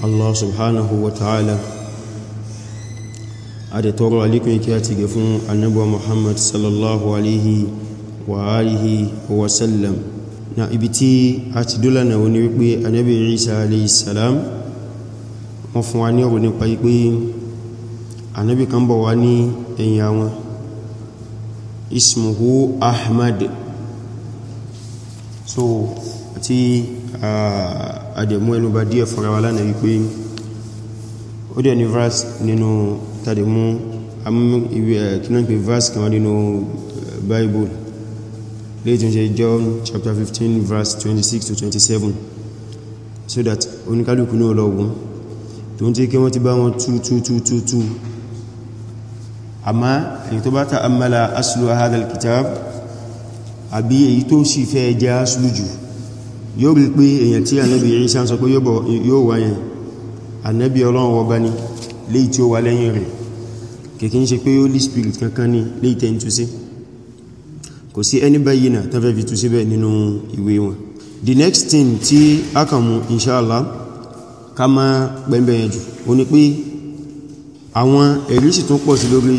Allah subhanahu wa ta'ala a da tọrọ alikun ikẹ́ àti gẹ fún annabuwa Muhammad sallallahu alaihi wa alihi wa sallam na ibi tí a ti dúlà na wani wípé annabi Isa alaihi salam wọ́n fún wa ní annabi kan bọ̀ wá ní ismuhu Ahmad so àti uh, adẹ̀mú ẹnu bá díẹ̀ fọ́ra wa lánàá wípé ó dẹ̀ ní verse nínú tàdẹ̀mú kínáàpé verse kan wá nínú Bible lẹ́tún ṣe John chapter 15 verse 26 to 27 so that oníkálùkù náà lọ́wọ́ tó ń tí kí wọ́n ti bá wọn tú tú tú tú tú àmá èyí tó bá ta ammala aslu hadha al-kitab àbí èyí tó sì fẹ́ jẹ́ aslu jù yóò rí pé èyàn tí ànábì Ìsá sọ pé yóò wá yẹn ànábì ọlọ́run ọba ni léyìí tí ó wà lẹ́yìn rẹ̀ kìkí ṣe pé holy spirit kankan ní léyìí tẹ́ ń tú sí kò sí ẹni báyìí náà tán fẹ́ fi nínú ìwé the next thing tí a kàn mú inshallah ká má pẹ́mbẹ̀yẹn jù ó ní pé àwọn ẹ̀rí sì tún pọ̀ sí lórí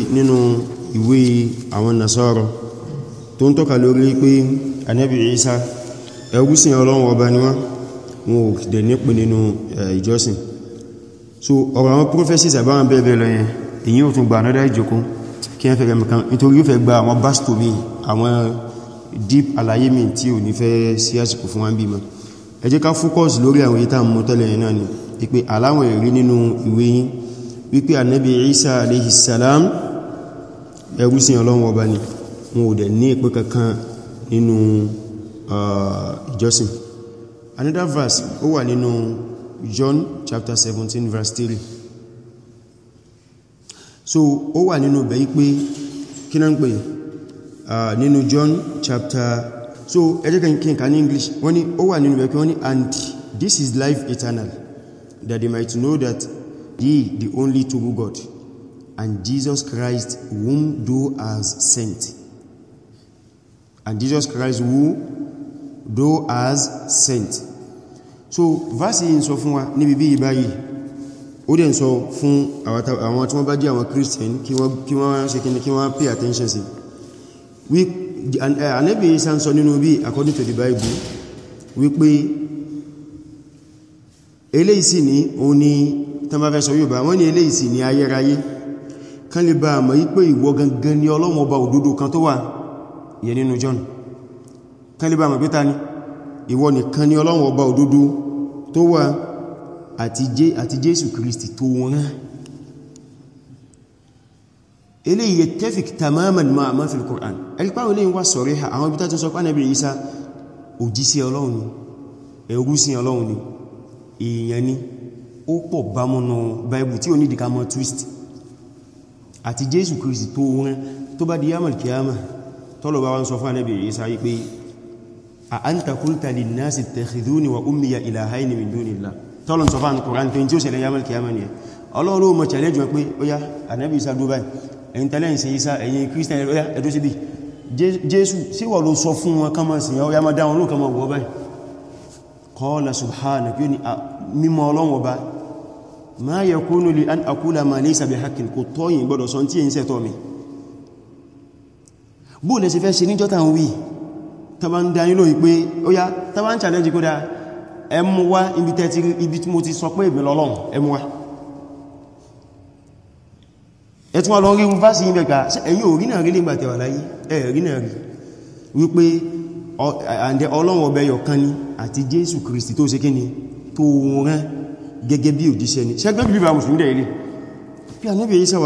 ẹgúsìn ọlọ́run ọba ni wọ́n wọn ò dẹ̀ nípe nínú ìjọsìn so ọ̀rọ̀ àwọn prophecies àbáwọn bẹ́ẹ̀bẹ́ẹ̀ lọ yẹn èyí ò tún gba another ìjókó kí ẹ fẹ́rẹ̀ mẹ́kan nítorí yóò fẹ́ gba àwọn basto mi àwọn deep àlàyé mi tí ò ní fẹ́ sí àsìkò fún wọn bí mọ́ ẹ jẹ́ ká focus lórí àwọn èyí tá mú tẹ́lẹ̀ yẹn náà ni ìpé aláwọn ẹ̀rí nínú ìwé yín wípé ànábì Isa alayhi salam ẹrúsìn ọlọ́run ọba ni wọn ò dẹ̀ ní ìpé kankan nínú ìjọsìn uh, another verse ó wà nínú John chapter 17 verse 3 so ó wà nínú be pé kí náà ń pè uh, nínú John chapter so ẹjẹ́kẹ́ ní English wọ́n ní ó wà nínú bẹ̀yí pé wọ́n ní and this is life eternal that they might know that he the only true God and Jesus Christ whom do as sent and Jesus Christ who though as sent so verse yìí ń sọ fún wa níbi bí ìbáyìí ó dẹ̀ ń sọ fún àwọn tí wọ́n bá jẹ́ àwọn Christian kí wọ́n ṣe kí wọ́n pay attention sí eh, Ànábì Ìsá ń sọ nínú bí according to the Bible wípé eléyìí sì ní òun ni tàbí sọ Yorùbá wọ́n ní eléyìí sì ní ayérayé kan lè bá àmọ́ wípé ìwọ gangan ni Ọlọ́run ọba òdodo kan tó wà yẹ nínú John kálíbà mọ̀ pẹ́ta ni ìwọ nìkan ni ọlọ́run ọba òdodo tó wà àti jésù kristi tó wọ́n eléyìí yattafiq tamaman ma ma fil Qur'an ẹ̀rípáwọn lè wá sọ̀rẹ́ ha àwọn ibítà tó sọ pánà bí Isa òjíṣẹ́ ọlọ́run ni ẹrúsìn ọlọ́run ni èèyàn ni ó pọ̀ bámọ́nà Bible tí twist àti jésù kristi tó wọ́n tó bá di yamal kiyama tọ́lọ̀ bá sọ fún Ànábì Isa pé anta qulta lin nas ittakhiduni wa ummi ilahaini min dunillah tọ́lọ̀ sọ fáànù kòrán tó tí ó ṣẹlẹ̀ yamal kìyàmà ni ẹ̀ ọlọ́ọ̀lọ́ mọ̀ challenge wọn pé ó yá anábi isa dubai ẹ̀yin tẹ́lẹ̀yìn sí isa ẹ̀yin christian ó yá ẹ̀dọ́ sí bí jésù sí wọ́n ló sọ fún wọn kama sí ya ma dáwọn ló kama wọ́ báyìí qala subhanaka yóò ni mímọ̀ níjọ́ta wí tàbá ń dá nílò ìpé ó yá tàbá ń challenge kó dá ẹmú wá ibi tẹ́ ti ibi tí mo ti sọ pé ìbìlọ lọ́n ẹmú wá ẹtún wọn lọ rí university yìí mẹ́ka ẹ̀yìn orí náà rí nígbà tẹ̀wà láyé ẹ̀rí náà rí wípé ọlọ́run ọbẹ̀ yọ̀kan ni àti jésù kristi tó ṣe kí ni tó rán gẹ́gẹ́ bí òjíṣẹ́ ni ṣẹ́gbẹ́ bí bá mùsùlùmí dẹ̀ rí bí ànábì Ìsá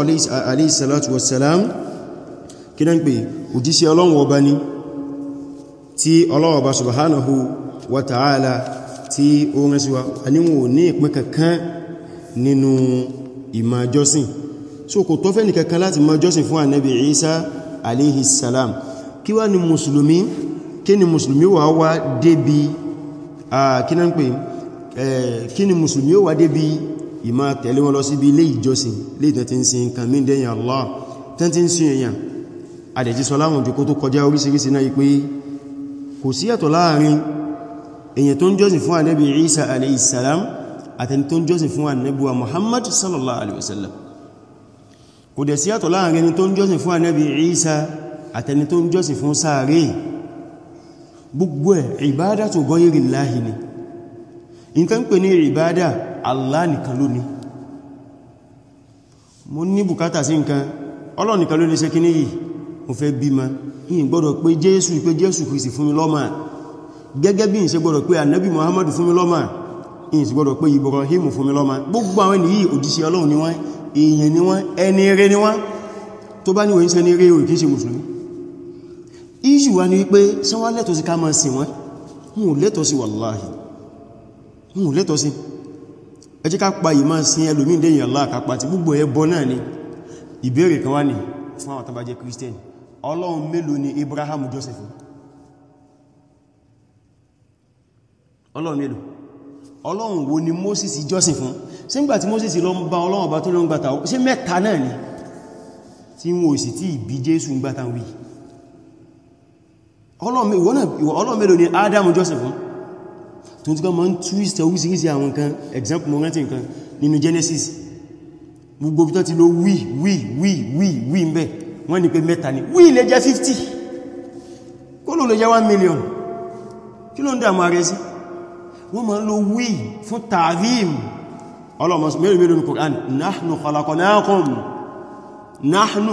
alayhi salatu wassalam kí náà ń pè òjíṣẹ́ ọlọ́run ọba ni tí Ọlọ́run Ọba subhanahu wa ta'ala tí ó rán sí wa aníwò ní ìpín kankan nínú ìmá so kò tọ́fẹ́ ní kankan láti má jọ́sìn fún Ànábì Isa alayhi salam kí wá ni mùsùlùmí kí ni mùsùlùmí wà wá débi kí náà ń pè kí ni mùsùlùmí wà débi ìmá tẹ̀lé wọn lọ síbi ilé ìjọsìn lè tẹ́ ti ń sin nǹkan mí dẹ́yìn Allah tẹ́ ti ń sin èèyàn àdẹ̀jísọ láwọn òjò kó tó kọjá orísìírísìí náà yí pé kò sí yàtọ̀ láàrin èyàn tó ń jọ́sìn fún ànábì Isa alayhi salam àtẹni tó ń jọ́sìn fún ànábì wa Muhammad sallallahu alaihi wasallam kò dẹ̀ sí yàtọ̀ láàrin ẹni tó ń jọ́sìn fún mo ní bùkátà sí nǹkan Ọlọ́run ló ní ṣe kíní yìí mo fẹ́ bímọ yìí gbọ́dọ̀ pé jésù pé jésù kristi fún mi lọ́mà gẹ́gẹ́ bí n ṣe gbọ́dọ̀ pé ànábì muhammadu fún mi lọ́mà yìí gbọ́dọ̀ pé ibrahim fún mi lọ́mà gbogbo àwọn ènìyàn òjíṣẹ́ ọlọ́run ni wọ́n èèyàn ni wọ́n ẹni eré ni wọ́n tó bá níwọ̀n iṣẹ́ ní eré orí kìí ṣe mùsùlùmí iṣù wa ni wípé sánwá lẹ́tọ̀ sí ká máa sìn wọ́n mú lẹ́tọ̀ sí wàláhì mú lẹ́tọ̀ sí ẹ jẹ́ ká pa yìí máa sin ẹlòmíì dẹ́yìn aláàkápá ní fún ọlọ́run mélòó ni Abraham Joseph ọlọ́run mélòó ọlọ́run wo ni Moses jọ́sìn fún ṣé ńgbà tí Moses lọ ń bá ọlọ́run bá tó lọ ń gbàtà ṣé mẹ́ta náà ni tí wọ́n sì tí ìbí Jésù ń gbàtà wí ọlọ́run mélòó ni Adam joseph fún tó ti kọ́ mọ́ ń twist orísìírísìí àwọn nǹkan example mo rántí nǹkan nínú Genesis gbogbo bí tó ti lọ wí wí wí wí wí ń wọ́n ní pé mẹ́ta ni wí lè jẹ́ 50 kólò lè jẹ́ 1 million kí ló ń dàmú ààrẹ sí wọ́n ma ń lo wí fún tààvìm ọlọ́mọ mẹ́rin mẹ́rin Qur'an nahnu khalaqnakum nahnu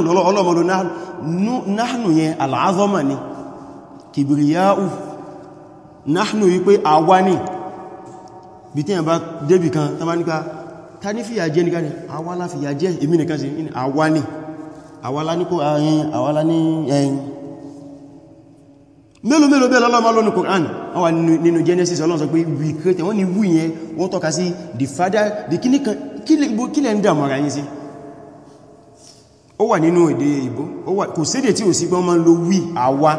nahnu yẹn al'azọ́mà ni kìbìrìyàú nahnu yí pé àwa ni bí tí yẹn bá débì kan tàbá nípa ta ní fìyà jẹ́ nìkan ni àwa la fìyà jẹ́ èmi nìkan sí àwa ni àwàlá ní kò ààrin àwàlá ní ẹ̀yìn mélòó mélòó bẹ́ẹ̀ lọ́lọ́mọ́ lónú Kùránì wọ́n wà nínú Genesis Ọlọ́run sọ pé we create wọ́n ni wú yẹn wọ́n tọ́ka sí the father the kílẹ̀ ń dàmọ́ra yìí sí ó wà nínú èdè ìbò kò sédè tí ò sí pé máa lo wí àwa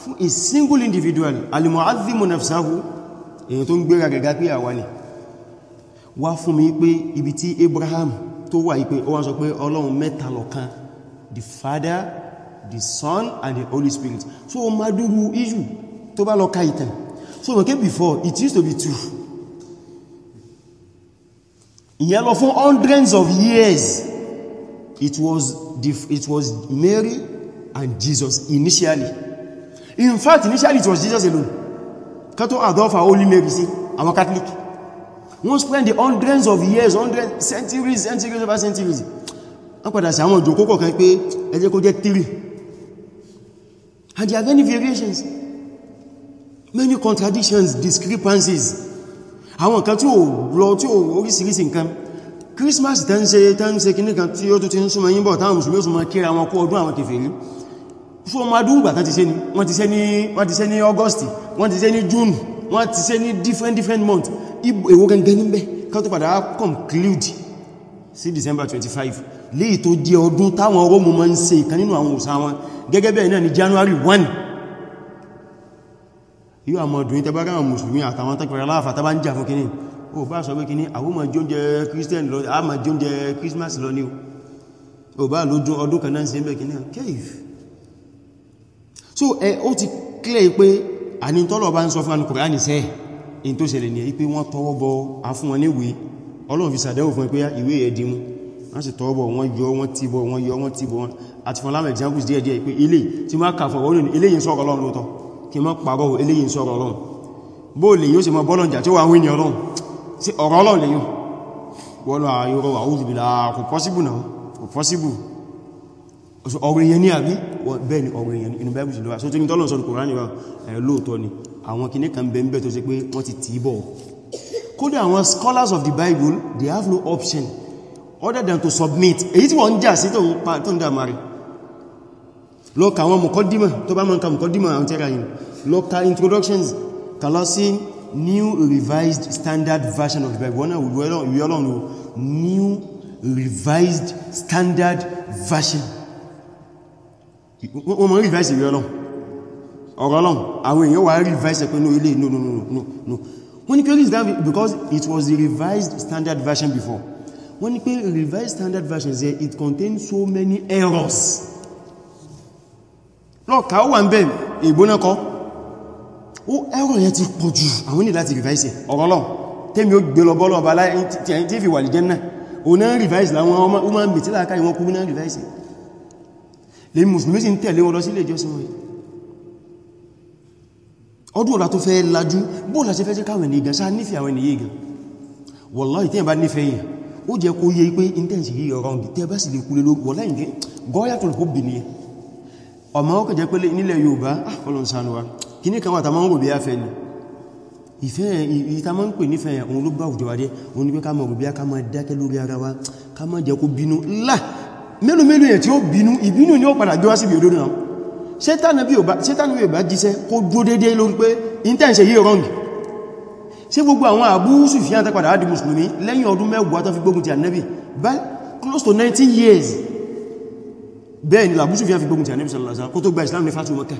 fún a single individual al-mu'azzimu nafsahu èyàn tó ń gbéra gẹ̀gá pé àwa ni wá fún mi pé ibi tí Abraham tó wà yìí pé ó wá sọ pé Ọlọ́run mẹ́ta lọ́kan the father the son and the holy spirit so maduru iju tó bá lọ ka ìtàn so okay before it used to be two ìyẹn lọ fún hundreds of years it was the, it was Mary and Jesus initially in fact initially it was Jesus alone ká tó adofa holy Mary sí àwọn Catholic wọ́n spend the hundreds of years hundreds centuries centuries over centuries wọ́n padà sí àwọn òjò kókọ̀ kan pé ẹ jẹ́ kó jẹ́ 3 and there are many variations many contradictions discrepancies àwọn kan tí ó lọ tí ó orísìírísìí nǹkan Christmas tán ṣe tán ṣe kìíní kan tí ó tó ti ń súnmọ́ yínbọ̀ táwọn mùsùlùmí ó súnmọ́ kíra wọn kó ọdún àwọn kèfèrí fún ọmọ adúgbà tán ti ṣe ní wọ́n ti ṣe ní wọ́n ti ṣe ní August wọ́n ti ṣe ní June wọ́n ti ṣe ní different different month èwo gangan níbẹ̀ ká tó padà conclude sí December 25 léè tó jẹ́ ọdún táwọn rómù máa ń ṣe ìkan nínú àwọn òsà wọn gẹ́gẹ́ bẹ́ẹ̀ náà ni January 1 yíò àmọ́ ọdún ìtẹbára àwọn mùsùlùmí àtàwọn tẹ́kẹ̀rẹ̀ aláàfà tàbá ń jà fún kíní o bá sọ pé kíní àwọn ọmọ jóúnjẹ Christian lọ àmà jóúnjẹ Christmas lọ ní o bá lójú ọdún kan náà sí ẹgbẹ́ kíní kẹ́ìf so ẹ ó ti clear pé ànítọ́lọ̀ bá ń sọ fún Al-Qur'ani sẹ́ in tó ṣẹlẹ̀ ní pé wọ́n tọwọ́ bọ afún wọn níwèé Ọlọ́run fi sàdẹ́wò fún ẹ pé ìwé ẹ̀dìmú wọ́n sì tọ́ọ̀bọ̀ wọ́n yọ wọ́n tíbọ̀ wọ́n yọ wọ́n tíbọ̀ wọ́n àti fún láwọn examples díẹ̀ díẹ̀ pé ilé tí ma kà fún ọlọ́run ilé yìí sọ́rọ̀ ọlọ́run lóòtọ́ ah, àwọn scholars of the Bible they have no option other than to submit èyí tí wọ́n ń jà sí tó ń dàmàrí lọ ka àwọn mọ̀kọ́dímọ̀ tó bá mọ́ nǹkan mọ̀kọ́dímọ̀ àwọn tẹ́ra yìí lọ ka introductions ka lọ sí new revised standard version of the Bible wọ́n ìwé ọlọ́run new revised standard version wọ́n mọ̀ revised. ìwé ọlọ́run ọ̀rọ̀ ọlọ́run àwọn èèyàn wà revised. pé no ilé no no no no no wọ́n ni kí o rí because it was the revised standard version before wọ́n ní pé revised standard version yẹ it contains so many errors lọ́ọ̀ká ó wà ń bẹ̀ ìgbóná kọ́ ó error yẹn ti pọ̀ jù àwọn ní láti revise ọ̀rọ̀ lọ tẹ́mi ó gbé lọ bọ́lọ̀ ọba láì tí fi wà lè jẹ́ náà ò náà revise láwọn ọmọ ọmọ mìtí láàká ìwọ̀n kú náà revise lè mùsùlùmí sí ń tẹ̀lé wọn lọ sílé ìjọsìn wọn ọdún ọ̀la tó fẹ́ lajú bóòlà sí fẹ́ sí káwọn ènìyàn sáà nífẹ̀ẹ́ àwọn ènìyàn gan wallahi tí ẹ̀ bá nífẹ̀ẹ́ yìí ó jẹ́ kó yé pé intense yìí ọ̀rọ̀ ọ̀gì tẹ́ bá sì lè kú lé lórí wọ́lá ìgbé gọ́yàtọ̀ lè kó bì ní ẹ ọmọ ọkọ̀ jẹ́ pé nílẹ̀ Yorùbá ah, Ọlọ́run kí ní kan wà tàmọ́ rò ni ìfẹ́ ìtàmọ́ ń pè nífẹ́ òun ló bá òjò wa ká mọ̀ jẹ́ kó bínú ńlá mélòó mélòó yẹn tí ó bínú ìbínú ni ó padà jọ wá síbi òdodo náà sétánù bí ò bá jíṣẹ́ kó ṣe gbogbo àwọn Abu Sufyan tẹ́padà á di musulmi lẹ́yìn ọdún mẹ́wàá tó fi gbógun ti Ànábì bá close to 19 years bẹ́ẹ̀ ni Abu Sufyan fi gbógun ti Ànábì sallallahu alaihi wasallam kó tó gba Islam ní fatu Makkah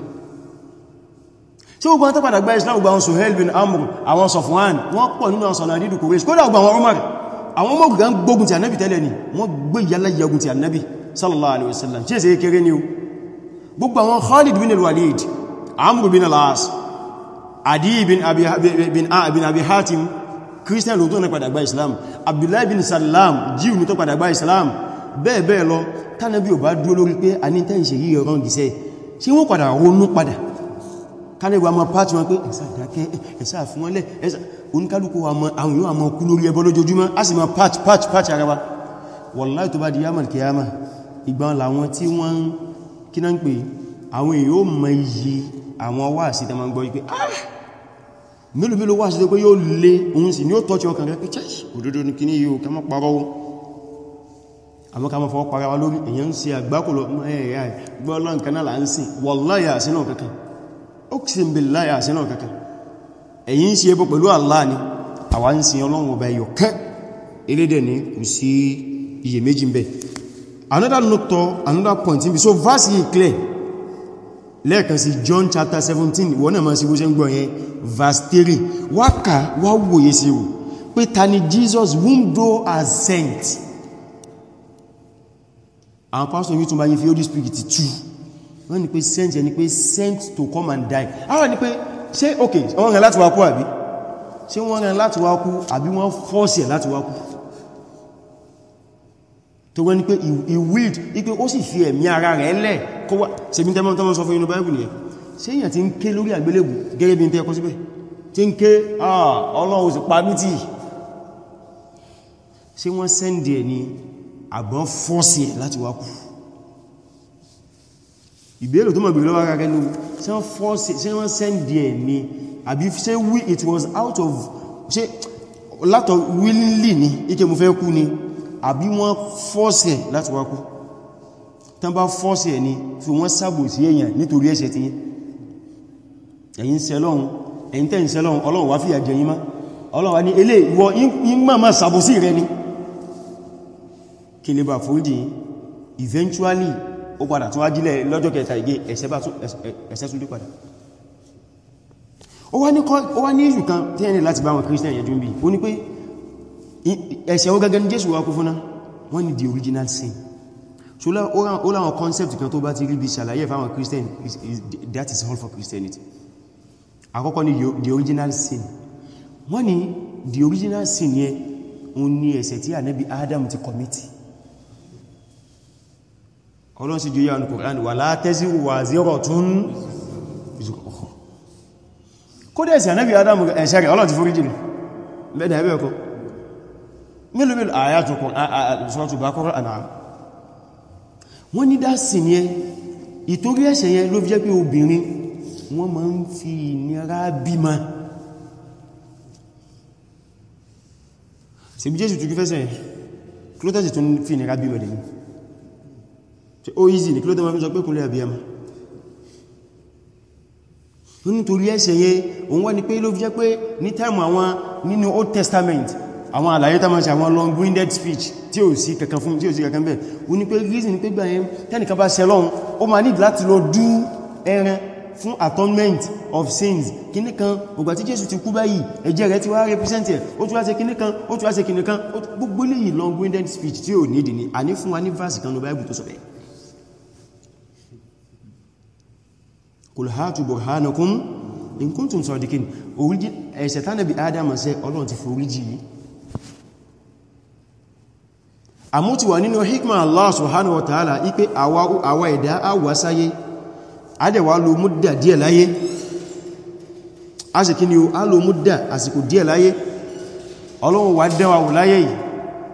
ṣe gbogbo àwọn tẹ́padà gba Islam gba àwọn Suhail bin Amr àwọn Safwan wọ́n pọ̀ nínú àwọn sọ̀nà àdídù Quraysh kódà gba àwọn Umar àwọn ọmọ ogun gbógun ti Ànábì tẹ́lẹ̀ ni wọ́n gbé yálà yagun ti Ànábì sallallahu alaihi wasallam ṣe é ṣe Khalid bin al-Walid Amr bin al-As Adi bin Abi bin bin Abi Hatim Christian ló tó ní padà gba Islam Abdullah bin Salam Jew ní tó padà gba Islam bẹ́ẹ̀ bẹ́ẹ̀ lọ tánàbí ò bá dúró lórí pé a ní tẹ́ǹṣẹ̀ yí ọ̀rọ̀ gìsẹ́ ṣe wọ́n padà ronú padà tánàbí àmọ́ pàtí wọn pé ẹ̀sà dákẹ́ ẹ̀sà fún wọn lẹ́ oníkálùkù àwọn yóò àmọ́ kú lórí ẹbọ lójoojúmọ́ a sì máa pàtí pàtí pàtí ara wa wallahi tó bá di yamal kiyama ìgbà làwọn tí wọ́n kí náà ń pè àwọn èèyàn mọ iye àwọn wáàsí tẹ́ ma ń gbọ́ wípé ah mélòó mélòó wáàsí tó pé yóò lé òun sì ní ó tọ́tí ọkàn rẹ̀ pé chẹ́ṣì òdodo ní kí ní yíò kẹmọ́ parọ́ àwọn kàmọ́ fọwọ́ para wa lórí èyàn ń ṣe àgbákòlò eh, eh, gbọ́ọ̀lọ́n kan náà là ń sìn wallahi àsínà kankan uqsim billahi Allah ni àwa ń sin ọlọ́run ọba ẹyọ kẹ́ elédè ní another note another point in be so vastly clear lẹ́ẹ̀kan sí John chapter 17 wọ́n náà ma sí bó ṣe ń gbọ́ yẹn verse 3 wákà wá wòye sí wò pé ta ni Jesus whom thou has sent àwọn pastor yìí tún bá yí fi Holy Spirit tú wọ́n ni pé sent ẹni pé sent to come and die àwọn ni pé ṣe ok wọ́n rẹ̀ láti wá kú àbí ṣe wọ́n rẹ̀ láti wá kú àbí wọ́n force ẹ̀ láti wá kú tó wọ́n ni pé he willed ipé ó sì fi ẹ̀mí ara rẹ̀ lẹ̀ kọwàá ṣe bí tẹ́mọ́ tọ́mọ́ sọ fún inú báyìí nìyẹn ṣe èyàn ti ń ké lórí àgbélébù gẹ́gẹ́ bí n tẹ́ẹ̀kọ́ síbẹ̀ ti ń ké ah, ọlọ́run sì pa mí tí ṣe wọ́n sẹ́ndì ẹ̀ ni àbọ̀n fọ́sí ẹ̀ láti wá kú ìbéèrè tó mọ̀ bèèrè lọ́wọ́ ara ni àbí ṣe wí it was out of ṣe látọ̀ willingly ni ike mo fẹ́ kú ni àbí wọ́n fọ́sí ẹ̀ láti wá tán bá fọ́sí ẹni fi wọ́n sábò sí èyàn nítorí ẹ̀ṣẹ̀ tí ẹ̀yin sẹ́lọ́run ẹ̀yin tẹ́yìn sẹ́lọ́run ọlọ́run wá fìyà jẹ yín má ọlọ́run wá ní elé ìwọ ìmọ̀mọ̀ sábò sí rẹ ni kí lè bà fòójì eventually ó padà tún ajílẹ̀ lọ́jọ́ kẹta ìgé ẹ̀ṣẹ̀ tún dé padà ó wá ní ìṣù kan tí ẹni láti bá wọn Christian yẹn jùmbì ó ní pé ẹ̀ṣẹ̀ ó gẹ́gẹ́ ní Jésù wá kú fúnná wọ́n ni the original sin so ó láwọn concept kan tó bá ti rí bí ṣàlàyé fáwọn Christian that is all for Christianity àkọ́kọ́ ni the original sin wọ́n ni the original sin yẹ o ní ẹ̀ṣẹ̀ tí ànábì Adam ti kọmítì ọlọ́n sí jùyà ní Kùránì wà látẹ́sí wà zíọ̀rọ̀ tún kódé ẹ̀ṣẹ̀ ànábì Adam ẹ̀ṣẹ̀ rẹ̀ ọlọ́n ti forí jìn mẹ́dà ẹ̀bẹ̀ ọkọ̀ mélòó mélòó àyàtùn ana wọ́n ní dásì ní ẹ ìtorí ẹ̀ṣẹ̀ yẹn ló fi jẹ́ pé obìnrin wọ́n máa ń fi ìnira bímọ sí bí jésù tukú fẹ́sẹ̀ klótẹ́sì tún fi ìnira bímọ dẹ̀ ní ó yìí ní klótẹ́ máa fi sọ pé kúnlẹ̀ àbíyàmà nítorí ẹ̀ṣẹ̀ yẹn òun wá ní pé ló fi jẹ́ pé ní Testament àwọn àlàyé tá máa àwọn long-winded speech tí ò sí kankan fún tí ò sí kankan bẹ́ẹ̀ o ní pé reason pé gbà yẹn tẹ́nìkan bá ṣe lọ́run ó máa need láti lọ dú ẹran fún atonement of sins kíní kan ògbà tí Jésù ti kú báyìí ẹ̀jẹ̀ rẹ̀ ti wá represent ẹ̀ ó tún wá ṣe kíní kan ó tún wá ṣe kíní kan gbogbo lè long-winded speech tí ò need ni a ní fún wa ní verse kan ní Bible tó sọ bẹ́ẹ̀ kul hatu burhanakum in kuntum àmúti wà nínú hikma Allah subhanahu wa ipé àwa ẹ̀dá àwà sáyé adẹ̀wà lo múdà díẹ̀ láyé a sì kí ni o a múdà àsìkò díẹ̀ láyé Ọlọ́run wà dẹ́wà wù láyé yìí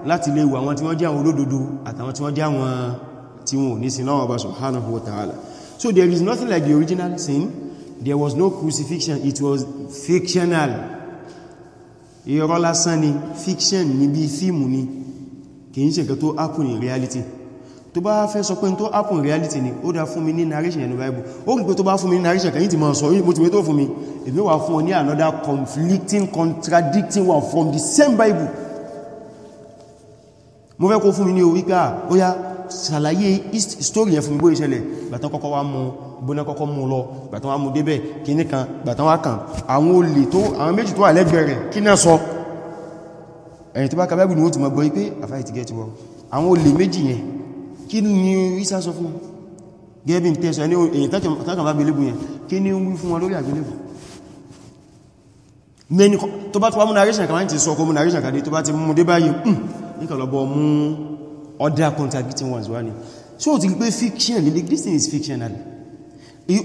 láti lè wà wọn tí wọ́n jẹ́ àwọn olódodo àtàwọn tí wọ́n jẹ́ àwọn tí wọ́n ní sin náà ọba subhanahu wa so there is nothing like the original sin there was no crucifixion it was fictional irọ́ fiction ni bí kìí ṣe nǹkan tó happen in reality tó bá fẹ́ sọ pé tó happen in reality ni ó dá fún mi ní narration ẹnu bible ó rí pé tó bá fún mi ní narration kẹ́yìn tí ma sọ yìí mo ti wé tó fún mi èmi wà fún ọ ní another conflicting contradicting one from the same bible mo fẹ́ kó fún mi ní orí ká ó yá ṣàlàyé story yẹn fún mi bó ìṣẹ̀lẹ̀ gbàtán kọ́kọ́ wá mú bóná kọ́kọ́ mú lọ gbàtán wá mú débẹ̀ kíní kan gbàtán wá kàn àwọn olè tó àwọn méjì tó wà lẹ́gbẹ̀ẹ́ rẹ̀ kí náà sọ ẹ̀yìn tó bá kàbẹ́gbù ní ó ti mọ̀ gbọ́ ipé àfáì ti gẹ́ẹ̀tì wọ́n àwọn olè méjì yẹn kí ni ìsá sọ fún gẹ́bí tẹ́sọ ẹni èyìn tákàbá gbélébù yẹn kí ni ń wí fún wọn lórí àgbélébù mẹ́ni tó bá tó wá mú narration kàmá ti sọ kó mú narration kàdé tó bá ti mú dé báyìí hmm, níkàlọ́bọ̀ mú other contradicting ones wá ní so ti pé fiction lè this thing is fictional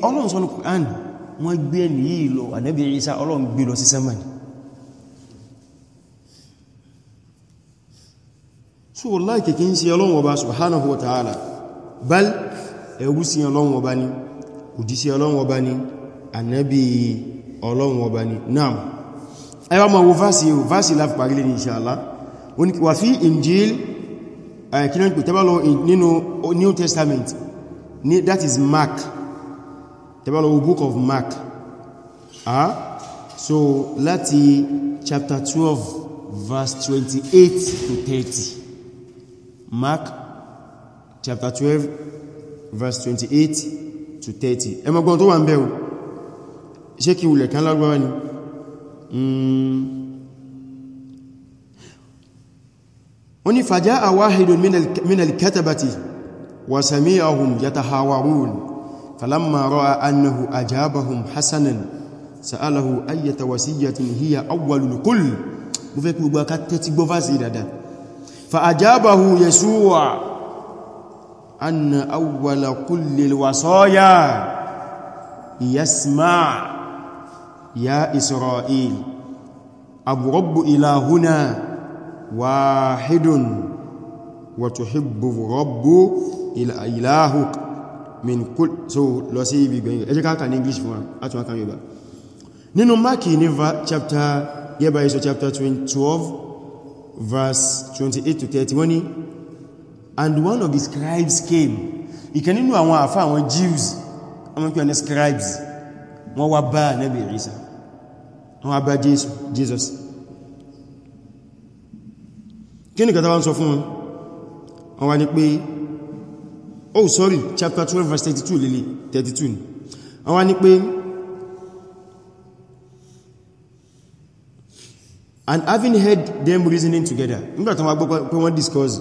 ọlọ́run sọ́nà Qur'an wọ́n gbé ẹni yìí lọ ànábì Ìsá ọlọ́run gbé lọ sí sẹ́mọ̀ni so wallahi kìí ṣe ọlọ́run ọba subhanahu wa ta'ala bal ẹ̀wú sí ọlọ́run ọba ni òjísí ọlọ́run ọba ni ànábì ọlọ́run ọba ni naam ẹwà ma wo fásí o fásí láti parí lè ní inshallah wọ́n ni wà fí injil àìkínan pè tẹ́bàlọ nínú new testament so láti chapter 12 verse 28 to 30 Mark chapter 12 verse 28 to 30 ẹ mọ́gbọ́n tó wà ń bẹ̀ o ṣé kí wùlẹ̀ kan lágbára ni hmm. ó ní fàjá àwáhìdùn mínal kẹtàbàtì wà sàmí ahùn yàtà hawarun falamma rọ́a annahu ajabahum hasanan sa'alahu ayyata wasiyyatin hiya awwalul kull mo fẹ́ kí gbogbo akátẹ́ ti gbọ́fà sí فأجابه يسوع أن أول كل الوصايا يسمع يا إسرائيل أبو رب إلهنا واحد وتحب رب إلى إلهك من كل so lo si bi gbe ẹ jẹ́ ká English fún wa atun aka Yorùbá nínú Mark ní chapter yeba iso chapter 12 verse 28 to 30 wọ́n ní and one of the scribes came ìkan nínú àwọn àfá àwọn Jews wọ́n pè ní scribes wọ́n wá bá Ànábì Isa wọ́n wá bá Jesus kí ni kàtà wọ́n sọ fún wọn wọ́n wá ní pé oh sorry chapter 12 verse 32 lè 32 wọ́n wá ní pé and having heard them reasoning together nígbà tó wọ́n discuss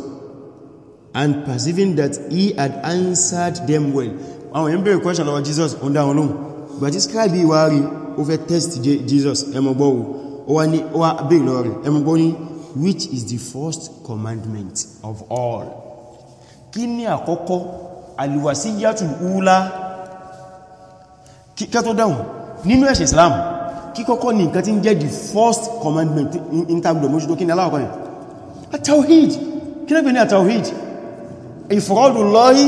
and perceiving that he had answered them well àwọn yẹn question lọ́wọ́ Jesus on dáwọn lóhun but this scribe wá rí ó test Jesus ẹmọgbọ́wò ó wá bèèrè lọ́wọ́ rẹ̀ ẹmọgbọ́ ní which is the first commandment of all Kini akoko àkọ́kọ́ alìwàsíyàtù ula kí kẹ́ tó dáhùn nínú Islam kíkọ́kọ́ ní nǹkan tí ń jẹ́ the first commandment intagbọ̀n mọ́ṣútó kí ni aláwọ̀kọ́ ni atawhid kí lẹ́gbẹ̀ẹ́ ni atawhid ifradullahi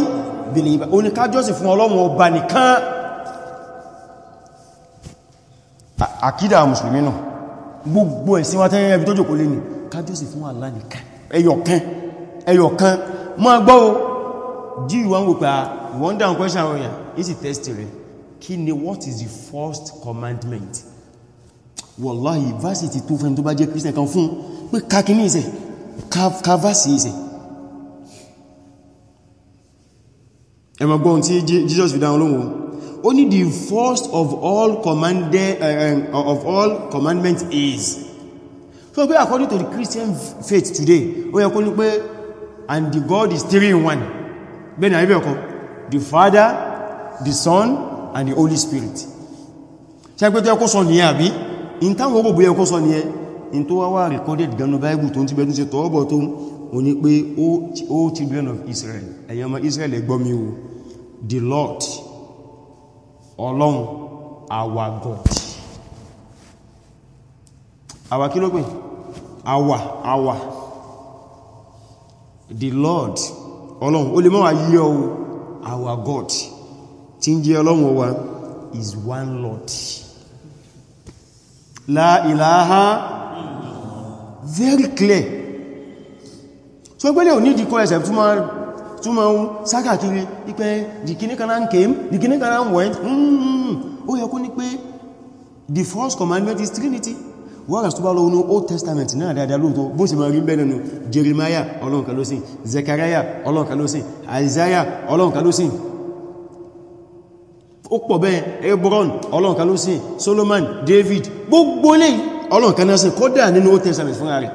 bil ibad oníkájọ́sì fún ọlọ́run ọba nìkan àkídà mùsùlùmí náà gbogbo ẹ̀sìn wá tẹ́yẹ ibi tó jòkó lé ní kájọ́sì fún Allah nìkan ẹyọkan ẹyọkan ma gbọ́ o ah, kí ni what is the first commandment wallahi varsity tó fẹ́ tó bá jẹ́ christian kan fún pé kakini ìsẹ̀ kavasi ìsẹ̀ ẹmọ gbọ́n tí jesus fi dáwọn olóhun ó ní the first of all uh, of all commandment is so pé according to the christian faith today ó yẹ kó ní pé and the god is three in one bẹ́ẹ̀ ni àríbẹ̀ ọkọ̀ the father the son and the holy spirit ṣe pé tó yẹ kó sọ nìyà bí in táwọn ogbò bóyẹ kọ́ sọ ní ẹ in tó wá wà recorded ganu bible tó ń ti bẹ̀rún ṣe tọ́ọ̀bọ̀ tó o ní pé o children of Israel ẹ̀yàn ọmọ Israel ẹgbọ́ mi o the Lord ọlọ́run our God Our kí ló pè our àwa the Lord ọlọ́run ó lè mọ́ wà ọ our God tí ń jẹ́ ọlọ́run ọwa is one Lord la ilaha very clear so pẹ́lẹ̀ ò ní ìdíkọ́ ẹsẹ̀ tó ma ń sákàkiri ipẹ́ dìkíníkaná ń kèm dìkíníkaná ń wẹ́n ó yẹ kó ní pé the first commandment is Trinity wọ́n tó bá lọ inú Old Testament náà dáadáa lóòtọ́ bó sì máa rí bẹ́ẹ̀ nínú Jeremiah ọlọ́nkalósìn Zechariah ọlọ́nkalósìn Isaiah ọlọ́nkalósìn ó pọ̀ bẹ́ẹ̀ Hebron ọlọ́run ló sìn Solomon David gbogbo lè ọlọ́run kan náà sìn kódà nínú Old Testament fúnra rẹ̀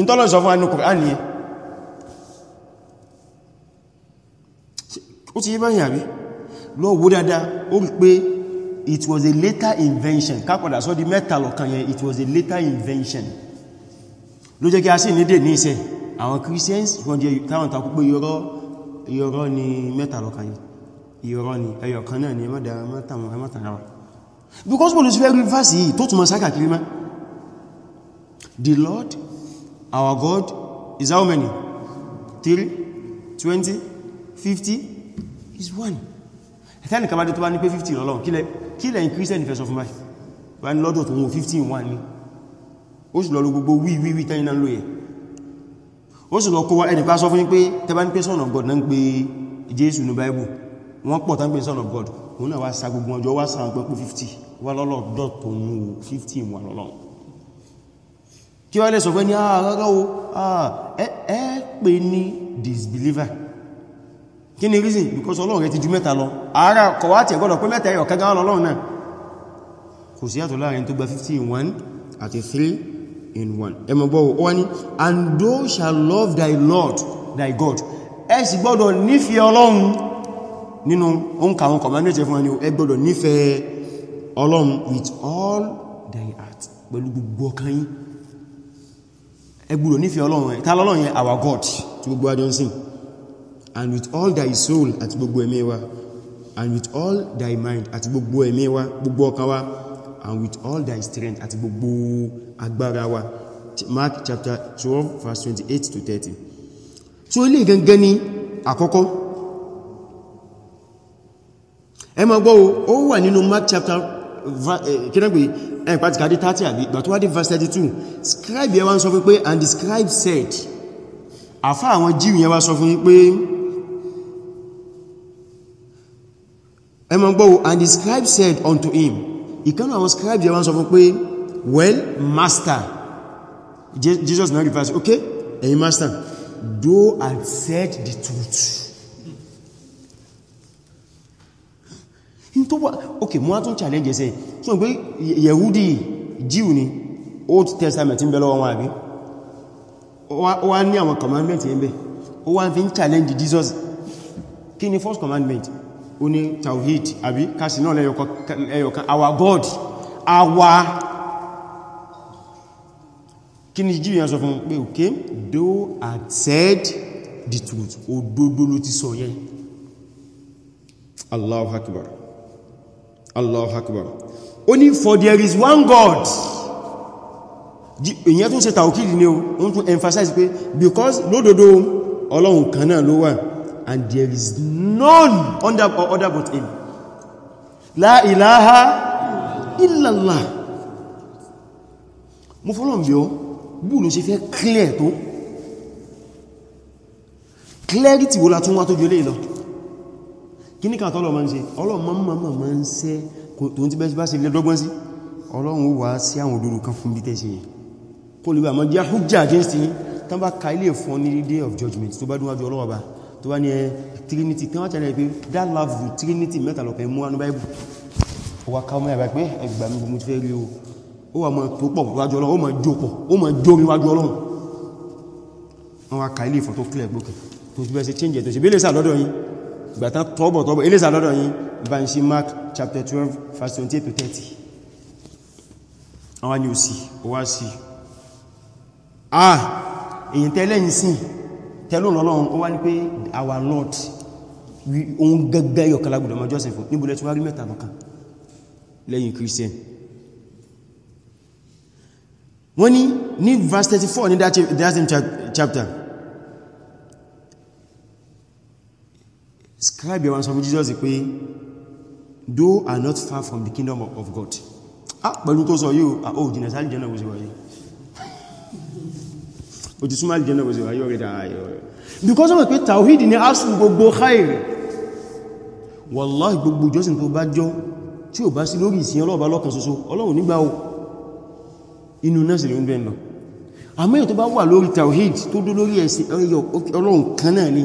ìtọ́lọ́run sọ fún àánú Kùránì yẹn ó ti yí báyìí àrí lọ wó dáadáa ó rí pé it was a later invention kápọ̀dà sọ́ di mẹ́ta lọ̀kan yẹn it was a later invention ló jẹ́ kí a sì nídè ní iṣẹ́ àwọn Christians wọ́n jẹ́ táwọn takú pé yọrọ ni mẹ́ta lọ̀kan yẹn irọ́ ni ẹyọ kan náà ni ẹmọ́dára mọ́tàwọn ẹmọ́tàrawa because paul is very verse yìí tó túnmọ̀ sáàkà kiri má the lord our god is how many 3 20 50 is one ẹ̀tẹ́ni kàbádé tó bá ní pé 50 lọ́lọ́run kílẹ̀ in christian defense of life wà ní lọ́dọ̀ tó wọ́n 15 wà ní ó sì lọ́lọ́ gbogbo wí wí wí tẹ́yìn náà lóyẹ̀ ó sì lọ kó wá ẹnìpá sọ fún yín pé tẹ́bá ní pé son of god náà ń pè jésù ní bible wọ́n pọ̀ tán gbé son of god òun náà wá sa gbogbo ọjọ́ wá sa pẹ́pọ̀ 50 wá lọ́lọ́ dọ́tò ní 15 wà lọ́lọ́ kí wá lè sọ pé ní àárọ́rọ́ ah, o ah, pè ní disbeliever kí ni reason because ọlọ́run rẹ ti ju mẹ́ta lọ ara kọ̀wá tí ẹ̀gọ́dọ̀ pé mẹ́ta ẹ̀yọ̀ kẹgá ọlọ́run náà kò sí àtọ̀ láàrin tó gba in 1 àti 3 in and thou shall love thy lord thy god ẹ sì gbọ́dọ̀ nífẹ̀ẹ́ ọlọ́run nínú oúnkà àwọn kọmánẹ́tẹ̀ fún ẹni ẹ gbọ́dọ̀ nífẹ̀ẹ́ ọlọ́run with all thy heart pẹ̀lú gbogbo ọkàn yín ẹ gbọ́dọ̀ nífẹ̀ẹ́ ọlọ́run ẹ̀ tààlọ́lọ́run yẹn our God tí gbogbo adọ́nsìn and with all thy soul àti gbogbo ẹ̀mí wa and with all thy mind àti gbogbo ẹ̀mí wa gbogbo ọkàn wa and with all thy strength àti gbogbo agbára wa Mark chapter 12 verse 28 to 30 so ilé gangan ni àkọ́kọ́ ẹ máa gbọ́ ó wà nínú Mark chapter eh, kínágbé ẹ̀yìn pàtàkì àdí 30 àbí ìgbà tó wá dé verse 32 scribe yẹn wá ń sọ fún pé and the scribe said àfá àwọn jíù yẹn wá sọ fún pé ẹ máa gbọ́ and the scribe said unto him ìkánà àwọn scribe yẹn wá sọ fún pé well master Jesus now verse. okay ẹ̀yin master thou hast said the truth tó wà ok mú á tún challenge ẹsẹ̀ so pé yẹ̀húdì jíù ni old testament ń bẹ lọ́wọ́ wọn àbí ó wá ní àwọn commandment yẹn bẹ ó wá fi ń challenge jesus kí ni first commandment ó ní tawhid àbí kásì náà lẹ́yọkan our god our kí ni jíù yẹn sọ fún pé ok thou art said the truth òdodo ló ti sọ yẹn Allahu Akbar Allah Akbar ó ní for there is one God ìyẹn tún ṣe tàwókìlì ní o wọ́n tún emphasize pé because lódodo ọlọ́run kan náà ló wà and there is none under or other but him la ilaha illallah mo fọ́lọ̀n bí ọ búùlù ṣe fẹ́ clear tó clarity wo la tún wá tó jọ lè lọ kí ní kan tọ́lọ̀ ma ń ṣe ọlọ́run ma ń ma ma ń ṣe tó ń ti bẹ́ẹ̀ bá ṣe lè dọ́gbọ́n sí ọlọ́run ó wá sí àwọn òdúrù kan fún bí tẹ́ ṣe kó lè bá mọ́ jẹ́ hujja against tán bá ka ilé fún ní day of judgment tó bá dúnwájú ọlọ́wọ́ bá tó bá ní ẹ that love you trinity mẹ́ta lọ́pẹ́ mo ti fẹ́ rí o ó wà mọ́ tó pọ̀ wájú ọlọ́run ó mọ́ jó pọ̀ ó mọ́ jó mi wájú ọlọ́run wọ́n wá clear gbókè tó ti bẹ́ẹ̀ ṣe change ẹ̀ tó bí lè sà lọ́dọ̀ yín gbàtán tọ́bọ̀ tọ́bọ̀ eléza lọ́dọ̀ yìí bá ń sí Mark chapter 12 verse 28 to 30 àwọn ni ò sí wá sí ah èyí tẹ́lẹ̀ yìí sí tẹ́lù lọ́lọ́run ó wá ní pé our Lord ohun gẹ́gẹ́ yọkàlá gbùdọ̀ mọ́ jọ́sìn fún níbulẹ̀ tí wá rí mẹ́ta lọ́kan lẹ́yìn Christian wọ́n ní ní verse 34 ní that chapter scribe wọn sọ fún Jesus pé though are not far from the kingdom of, of God ah pẹ̀lú tó sọ yíò ah oh jìnà sáàlì jẹ́nà òsìwáyé o ti súnmọ́ jẹ́nà òsìwáyé you dáayọ̀ rẹ̀ because of pé tawhid ni a sùn gbogbo khair wallahi gbogbo jọ́sìn tó bá jọ tí ò bá sí lórí ìsìn ọlọ́ọ̀bá lọ́kan ṣoṣo ọlọ́run nígbà o inú náà sì lè ń bẹ́ẹ̀ lọ àmọ́ èyí tó bá wà lórí tawhid tó dó lórí ẹ̀sìn ọlọ́run kan náà ni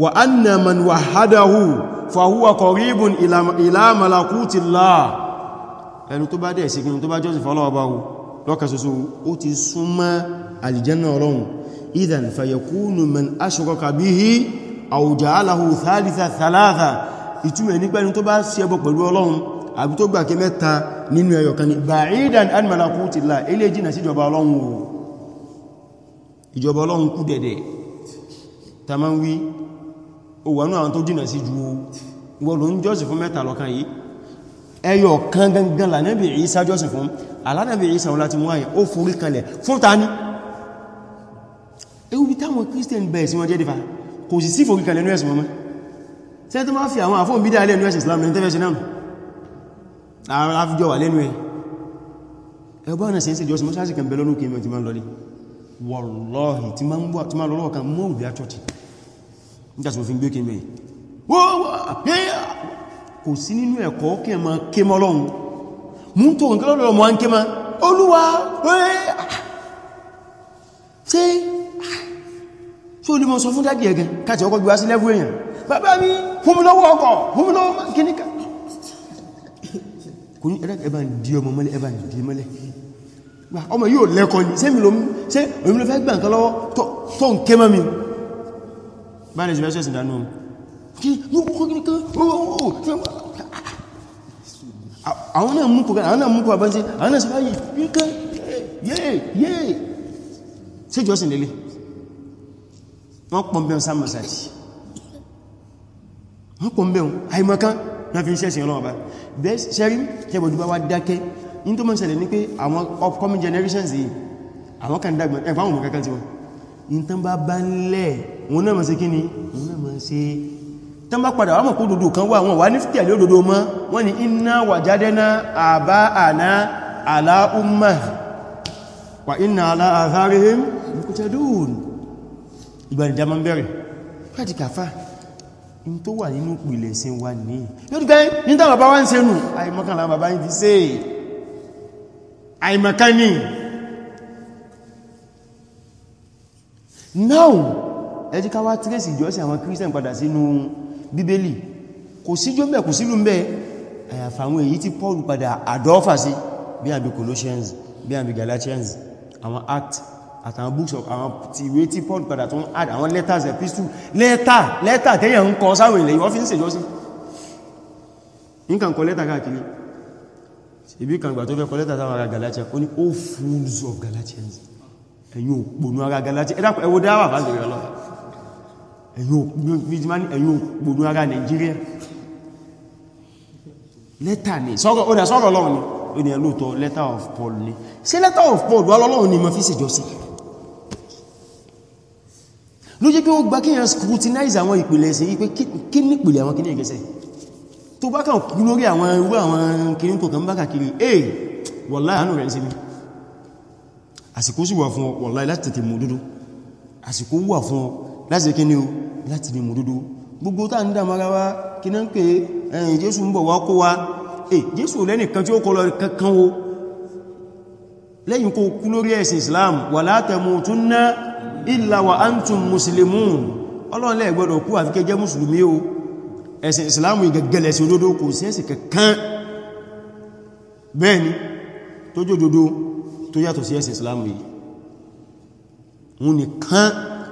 wa anna man wahadahu fa huwa qaribun ila ila malakutillah ẹni tó bá de se kin tó bá jọ́sìn fo Ọlọ́run bá wo lọ́kan ṣoṣo ó ti súnmọ́ aljanna Ọlọ́run idhan fayakunu man ashraka bihi aw ja'alahu thalitha thalatha ìtumọ̀ ni pé ni tó bá ṣe bọ pẹ̀lú Ọlọ́run àbí tó gbà ke mẹ́ta nínú ẹyọ kan ni ba'idan an malakutillah ele jìnà sí jọba Ọlọ́run o ìjọba Ọlọ́run kù dẹ̀dẹ̀ tamanwi ó wà ní àwọn tó jìnà sí ju ìwọ ló ń jọ́sìn fún mẹ́ta lọ́kan yìí ẹyọ kan gangan lànẹ́bì Ìsá jọ́sìn fún alánẹ́bì Ìsá wọn láti wọ́n ó forí kanlẹ̀ fún ta ní ewu bí táwọn Christian bẹ̀ẹ̀ sí wọn jẹ́ dìfà kò sì sí forí kanlẹ̀ nẹ́ẹ̀sì mọ́mọ́ tẹ́ tó máa fi àwọn àfóhùn bídá alẹ́ nẹ́ẹ̀sì Islam ní tẹ́fẹ́sì náà àwọn afijọ́ wà lẹ́nu ẹ̀ ẹgbọ́n ọ̀nà sẹ́yìn sí jọ́sìn mọ́sáàsì kan bẹ lọ́nà òkè mẹ́ ti máa lọlé wọ́lọ́hì ti máa lọ́lọ́ kan mọ́ òbí àchọ́tì nígbàtí mo fi ń gbé kí mẹ́yìn kò sí nínú ẹ̀kọ́ kí ẹmọ ké mọ́ lọ́hun mú tó nǹkan lọ́dọ̀ mọ́ ń ké mọ́ olúwa ṣe ṣe olúmọ̀ sọ fún dádì ẹ̀gẹ́ káàkiri ọkọ̀ gbíwá sí lẹ́fù èèyàn bàbá mi fún mi lọ́wọ́ ọkọ̀ fún mi lọ́wọ́ kíníkà kò ní ẹ̀bà ń di ọmọ mọ́lẹ̀ ẹ̀bà ń di mọ́lẹ̀ ọmọ yóò lẹ́kọ̀ọ́ ni ṣe mi lọ fẹ́ gbà nǹkan lọ́wọ́ tó ń ké mọ́ mi báyìí ti fẹ́ṣẹ̀ ìdánú àwọn náà mú kòkànlá àwọn náà mú kò àbájí àwọn náà sí báyìí yíká yéè yéè tí ìjọsìn lélẹ̀ wọ́n pọ̀ bẹ̀rún sáàmàsáàtì wọ́n pọ̀ bẹ̀rún àìmọ̀kan náà fi ń ṣẹ́sìn ọlọ́wọ́ bá bẹ́ẹ̀ sẹ́rí tẹ́bọ̀dú bá wá dákẹ́ in tó mọ́ ṣẹlẹ̀ ní pé àwọn upcoming generations yìí àwọn kan dàgbà ẹ̀fà àwọn kankan ti wọn in tán bá bá ń lẹ́ẹ̀ òun náà mọ̀ sí kíni òun náà mọ̀ sí tán bá padà wà mọ̀ kó dòdò kan wà wọn wà ní fìtẹ̀ lé òdòdó mọ́ wọ́n ni inna wajadna aba'ana ala ummah wa inna ala atharihim muqtadun ìgbàdìdá mọ́ bẹ̀rẹ̀ láti kàfà in tó wà nínú pìlẹ̀ sin wa ní yóò gbẹ́ ní tàbà bá wá ń senú now ẹjí ká wá tírèsì ìjọsìn àwọn kírísẹ̀n padà sínú bíbélì kò síjó bẹ̀ kò sílù mẹ́ àyàfà èyí tí Paul padà àdọ́fà sí bí àbí Colossians bí àbí Galatians àwọn act àtàwọn books of àwọn ti ìwé tí Paul padà tó ń add àwọn letters epistle letter letter tẹ́yẹ̀ ń kọ sáwọn ilẹ̀ ìwọ́n fi ń ṣèjọ́sìn nǹkan kọ lẹ́tà káàkiri ibi kan Galatians ó all oh, fools of Galatians ẹ̀yin òpònú ará Galatians ẹ̀dàpọ̀ ẹwọ dáwà fásitì rẹ̀ ẹ̀yìn òpòdó ara Nigeria lẹ́tà ni sọ́rọ̀ ọ̀dà sọ́rọ̀ Ọlọ́run ni ó ní ẹlóòtọ́ letter of Paul ni ṣe letter of Paul wà lọ́lọ́run ni ma fi ṣèjọsí ló jẹ́ pé ó gbá kíyàn scrutinize àwọn ìpìlẹ̀ ẹ̀sẹ̀ yí pé kí ní ìpìlẹ̀ àwọn kíní ẹ̀gẹ́sẹ̀ tó bá kàn kú lórí àwọn irú àwọn kíní tó kàn bá kàkiri eh wallahi àánú rẹ̀ ń ṣe mi àsìkò sì wà fún wallahi láti tètè mú dúdú àsìkò wà fún láti kí ni o láti ní mòdúdú gbogbo tá ń dámara wá kí náà ń pè ẹ̀yìn jésù ń bọ̀ wá kó wá e eh, jésù lẹ́nìkan tí ó kọlọ kankan o lẹ́yìn kó kú lórí ẹ̀sìn islam wala tamutunna illa wa antum muslimun ọlọ́run lẹ́ gbọ́dọ̀ kú àfi kẹ́ jẹ́ mùsùlùmí o ẹ̀sìn islam ìgẹ̀gẹ̀lẹ̀ sí òdodo kò sí ẹ̀sìn kankan bẹ́ẹ̀ni tó jòdodo tó yàtọ̀ sí ẹ̀sìn islam yìí wọn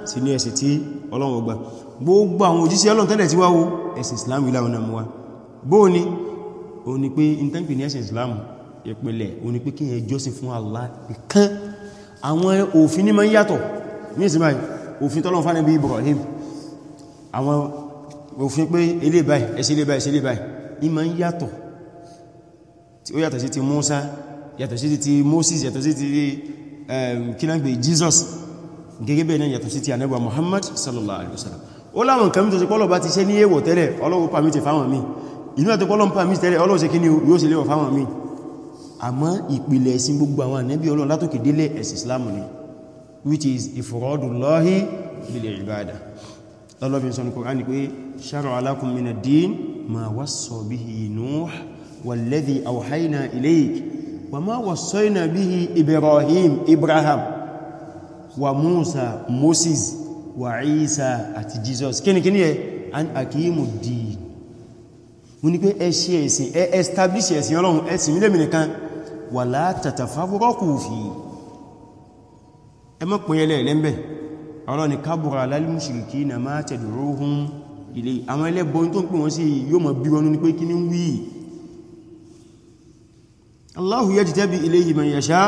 sínú ẹ̀sìn tí Ọlọ́run gbà gbogbo àwọn òjíṣẹ́ Ọlọ́run tẹ́lẹ̀ tí wá wo ẹ̀sìn Islam ìlà ọ̀nà mọ́ wa bóò ni o ni pé intanpi ní ẹ̀sìn Islam ìpìlẹ̀ o ni pé kí ẹ jọ́sìn fún Allah nìkan àwọn òfin ní ma ń yàtọ̀ ní ìsinmi òfin tọ́lọ́run fánà bí Ibrahim àwọn òfin pé ilé báyìí ẹ̀sìn ilé báyìí ẹ̀sìn ilé báyìí ní ma ń yàtọ̀ ó yàtọ̀ sí ti Musa yàtọ̀ sí ti Moses yàtọ̀ sí ti kínágbé Jesus gẹ́gẹ́ bẹ́ẹ̀ náà yàtọ̀ sí ti ànẹ́gbà Muhammad sallallahu alaihi wasallam ó láwọn kan mítọ̀ sí pọ́lọ̀ bá ti ṣe ní èèwọ̀ tẹ́lẹ̀ ọlọ́wọ́ pàmítì fáwọn mí inú àti pọ́lọ̀ pàmítì tẹ́lẹ̀ ọlọ́wọ́ sí kí ni yóò sí léwọ̀ fáwọn mí àmọ́ ìpìlẹ̀ ẹ̀sìn gbogbo àwọn ànẹ́bí Ọlọ́run látòkè délé ẹ̀sìn Islam ni which is ifradullahi bil ibada lọ́lọ́bìn sọ ní Kùránì pé shara'a lakum min ad-din ma wassa bihi Nuh walladhi awhayna ilayk wa ma wassayna bihi Ibrahim Ibrahim wa Musa Moses wa Isa àti Jesus kíni kíni ẹ an akimu dìí mú ní pé ẹ ṣe ẹ̀sìn ẹ establish ẹ̀sìn ọlọ́run ẹ̀sìn ilé mìnìkan wà látàtà fáwọ́rọ́kù fi ẹ mọ́ pín na máa tẹ̀dùróhun ilé àwọn ẹlẹ́bọn tó ń pè wọ́n sí yóò mọ̀ Allahu yajtabi ilayhi man yasha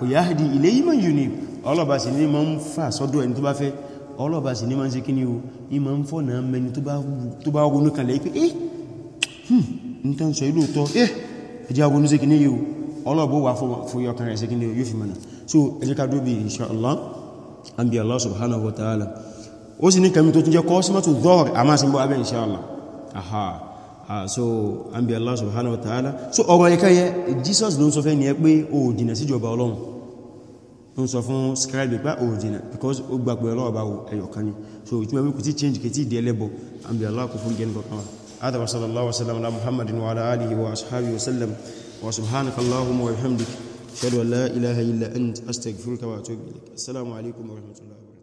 wa yahdi ilayhi man yunib ọlọ́ba sì ní ma ń fà sọ́dọ̀ ẹni tó bá fẹ́ ọlọ́ba sì ní ma ń ṣe kíní o ní ma ń fọ́nà mẹni tó bá ronú kalẹ̀ pé eh n tán sọ ìlú tọ́ eh ẹjẹ́ ronú sí kíní yíò ọlọ́bọ̀ wà fòyọkan rẹ̀ sí kíní yóò fi mọ̀nà so ẹjẹ́ ká inshallah an Allah subhanahu wa ta'ala ó sì ní kàmí tó tún jẹ́ kọ́ símọ́tò inshallah aha so an bí Allah subhanahu wa ta'ala so ọ̀rọ̀ ẹ̀kẹ́ yẹ Jesus ló ń sọ fẹ́ ni ẹ pé ó jìnà síjọba Ọlọ́run ń sọ fún scribe pé ó dìnà because ó gbà pé ọlọ́ọ̀bá ẹyọ̀kan ni so ìtumọ̀ wípé kò tí change kò tí di ẹlẹ́bọ̀ àmì Allah kò fún gẹ́nìkọ̀ kan هذا وصلى الله وسلم على محمد وعلى آله وأصحابه وسلم وسبحانك اللهم وبحمدك أشهد أن لا إله إلا أنت أستغفرك وأتوب إليك السلام عليكم ورحمة الله وبركاته